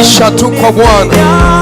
maisha tu kwa Bwana.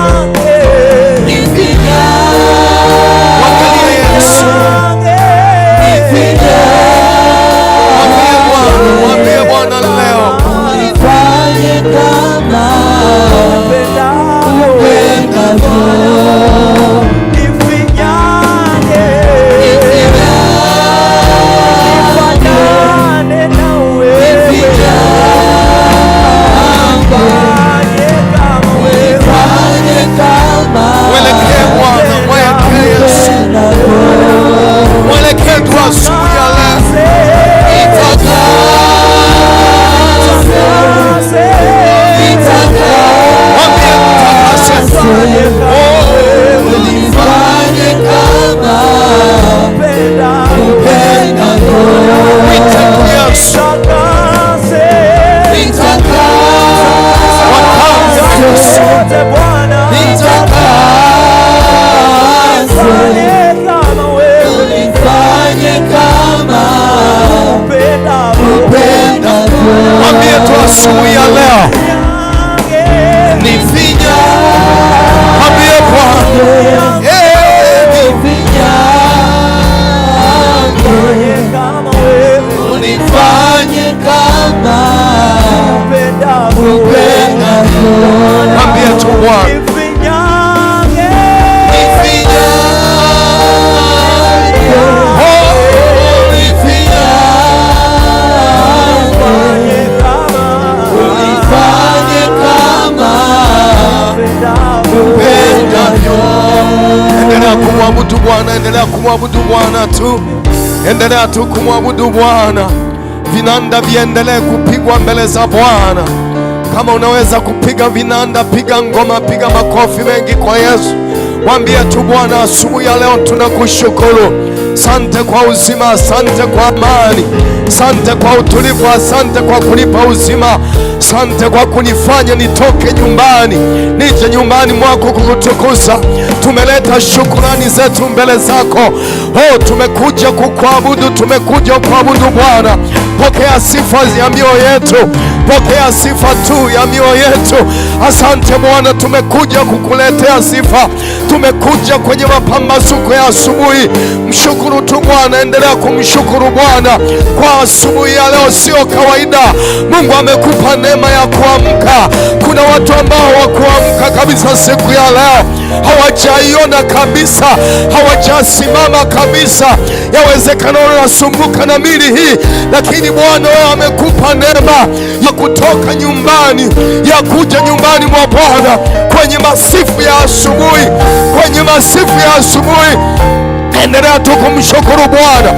Bwana. kumwabudu Bwana, endelea kumwabudu Bwana tu, endelea tu kumwabudu Bwana, vinanda viendelee kupigwa mbele za Bwana. Kama unaweza kupiga vinanda, piga ngoma, piga makofi mengi kwa Yesu. Mwambie tu Bwana, asubuhi ya leo tunakushukuru. Asante kwa uzima, asante kwa amani, asante kwa utulivu, asante kwa kunipa uzima, asante kwa kunifanya nitoke nyumbani nije nyumbani mwako kukutukuza. Tumeleta shukurani zetu mbele zako. Oh, tumekuja kukuabudu, tumekuja kuabudu Bwana. Pokea sifa ya mioyo yetu kupokea sifa tu ya mioyo yetu. Asante Bwana, tumekuja kukuletea sifa, tumekuja kwenye mapambazuko ya asubuhi. Mshukuru tu Bwana, endelea kumshukuru Bwana kwa asubuhi ya leo. Sio kawaida, Mungu amekupa neema ya kuamka. Kuna watu ambao wakuamka kabisa siku ya leo hawajaiona kabisa, hawajasimama kabisa. Yawezekana unasumbuka na mili hii, lakini Bwana wewe amekupa neema kutoka nyumbani ya kuja nyumbani mwa Bwana kwenye masifu ya asubuhi, kwenye masifu ya asubuhi. Endelea tu kumshukuru Bwana,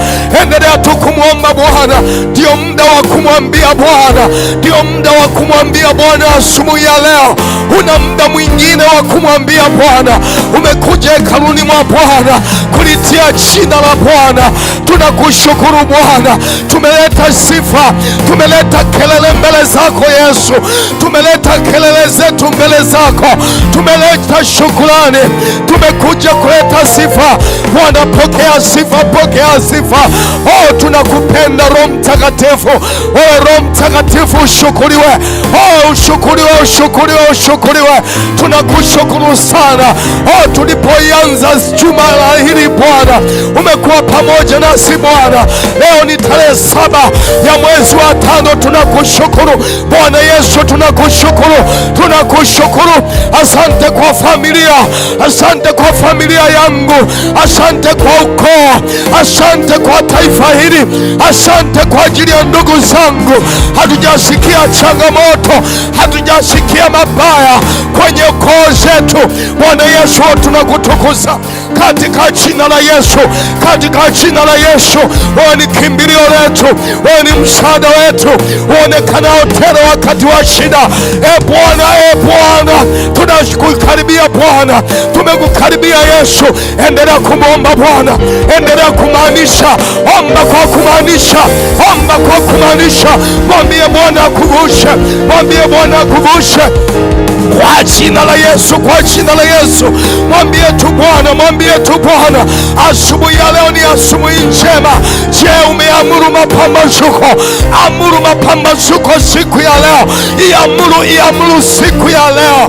endelea tu kumwomba Bwana. Ndio muda wa kumwambia Bwana, ndio muda wa kumwambia Bwana asubuhi ya leo. Una muda mwingine wa kumwambia Bwana. Umekuja hekaluni mwa Bwana kulitia jina la Bwana. Tunakushukuru Bwana, tumeleta sifa, tumeleta kelele mbele zako Yesu, tumeleta kelele zetu mbele zako, tumeleta shukulani tumekuja kuleta sifa Bwana, pokea sifa, pokea sifa. Oh, tunakupenda Roho Mtakatifu. Oh, Roho Mtakatifu ushukuriwe. Oh, ushukuriwe, ushukuriwe, ushukuriwe. Tunakushukuru sana. Oh, tulipoianza juma la hili Bwana, umekuwa pamoja nasi Bwana. Leo ni tarehe saba ya mwezi wa tano. Tunakushukuru Bwana Yesu, tunakushukuru, tunakushukuru. Asante kwa familia, asante kwa familia yangu, asante Asante kwa ukoo, asante kwa taifa hili, asante kwa ajili ya ndugu zangu. Hatujasikia changamoto, hatujasikia mabaya kwenye ukoo zetu. Bwana Yesu, tunakutukuza katika jina la Yesu, katika jina la Yesu. Wewe ni kimbilio letu, wewe ni msaada wetu, uonekanao tena wakati wa shida. E Bwana, e Bwana, tunakukaribia Bwana, tumekukaribia Yesu. Endelea kumwomba Bwana, endelea kumaanisha, omba kwa kumaanisha, omba kwa kumaanisha. Mwambie Bwana akuvushe, mwambie Bwana akuvushe kwa jina la Yesu, kwa jina la Yesu. Mwambie tu Bwana, mwambie tu Bwana, asubuhi ya leo ni asubuhi njema. Je, umeamuru mapambazuko? Amuru mapambazuko siku ya leo, iamuru, iamuru siku ya leo,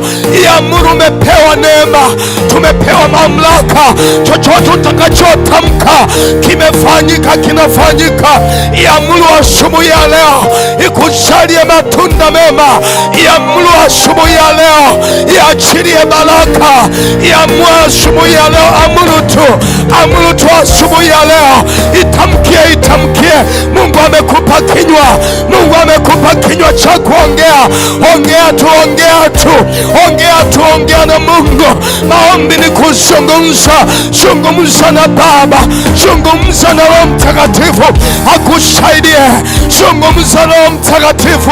iamuru. Umepewa neema, tumepewa mamlaka. Chochote utakachotamka kimefanyika, kinafanyika. Iamuru asubuhi ya leo, ikuzalie matunda mema. Iamuru asubuhi ya leo leo iachilie baraka ya mwa asubuhi ya leo. Amuru tu, amuru tu asubuhi ya leo, itamkie, itamkie. Mungu amekupa kinywa amekupa kinywa cha kuongea. Ongea tu, ongea tu, ongea tu, ongea na Mungu. Maombi ni kuzungumza. Zungumza na Baba, zungumza na Roho Mtakatifu akusaidie, zungumza na Roho Mtakatifu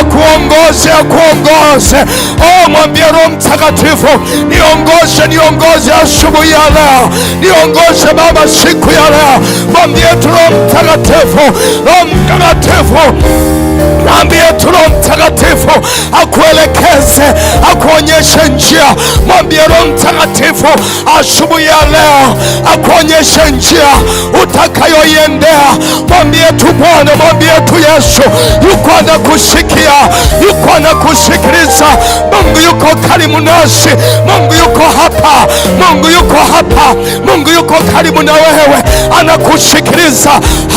akuongoze, akuongoze. o mwambie Roho Mtakatifu, niongoze, niongoze asubuhi ya leo, niongoze Baba siku ya leo Mwambie tu Roho Mtakatifu, Roho Mtakatifu Mwambie tu Roho Mtakatifu akuelekeze, akuonyeshe njia. Mwambie Roho Mtakatifu asubuhi ya leo akuonyeshe njia utakayoiendea. Mwambie tu Bwana, mwambie tu Yesu yuko anakushikia yuko anakusikiliza. Mungu yuko karibu nasi, Mungu yuko hapa, Mungu yuko hapa, Mungu yuko karibu na wewe, anakusikiliza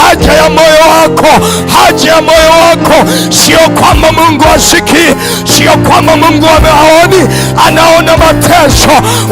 haja ya moyo wako, haja ya moyo wako Sio kwamba Mungu asikii, sio kwamba Mungu ameaoni, anaona mateso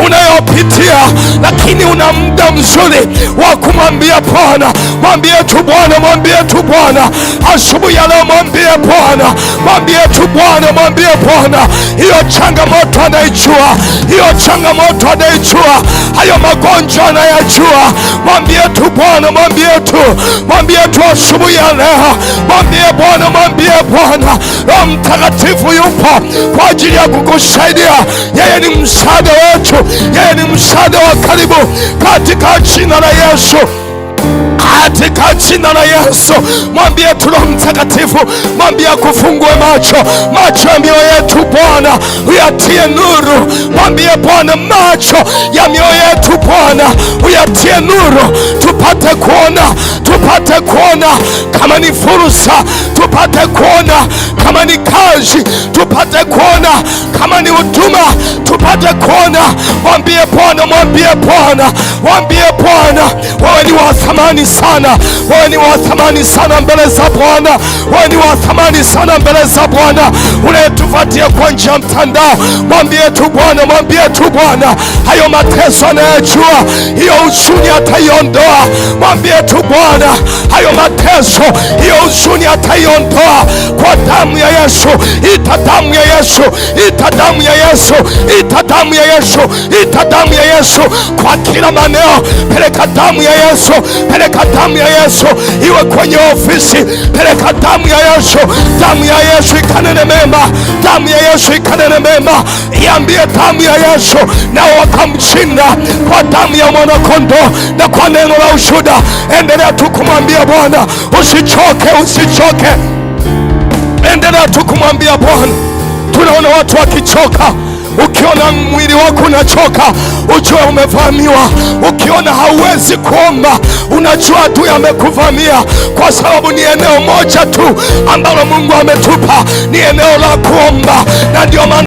unayopitia, lakini una muda mzuri wa kumwambia Bwana. Mwambie tu Bwana, mwambie tu Bwana asubuhi ya leo, mwambie Bwana, mwambie tu Bwana, mwambie Bwana. Hiyo changamoto anaijua, hiyo changamoto anaijua, hayo magonjwa anayajua. Mwambie tu Bwana, mwambie tu, mwambie tu asubuhi ya leo, mwambie Bwana, mwambie mwambie Bwana, Roho Mtakatifu yupo kwa ajili ya kukusaidia. Yeye ni msaada wetu, yeye ni msaada wa karibu, katika jina la Yesu katika jina la Yesu, mwambie tulo Mtakatifu, mwambie akufungue macho, macho ya mioyo yetu Bwana uyatie nuru. Mwambie Bwana, macho ya mioyo yetu Bwana uyatie nuru, tupate kuona tupate kuona kama ni fursa, tupate kuona kama ni kazi, tupate kuona kama ni utuma tupate kuona. Mwambie Bwana, mwambie Bwana, mwambie Bwana, wewe ni wa thamani sana, wewe ni wa thamani sana mbele za Bwana, wewe ni wa thamani sana mbele za Bwana. Unayetufuatia kwa njia ya mtandao, mwambie tu Bwana, mwambie tu Bwana, hayo mateso anayojua, hiyo uchuni ataiondoa. Mwambie tu Bwana. Bwana, hayo mateso, hiyo huzuni ataiondoa kwa damu ya Yesu. Ita damu ya Yesu, ita damu ya Yesu, ita damu ya Yesu, ita damu ya Yesu kwa kila maneo. Peleka damu ya Yesu, peleka damu ya Yesu, iwe kwenye ofisi, peleka damu ya Yesu. Damu ya Yesu ikanene mema, damu ya Yesu ikanene mema, iambie damu ya Yesu, na wakamshinda kwa damu ya mwanakondoo na kwa neno la ushuda. Endelea tu tu kumwambia Bwana, usichoke, usichoke. Endelea tu kumwambia Bwana. Tunaona watu wakichoka. Ukiona mwili wako unachoka, ujue umevamiwa. Ukiona hauwezi kuomba, unajua tu yamekuvamia kwa sababu ni eneo moja tu ambalo Mungu ametupa, ni eneo la kuomba, na ndio maana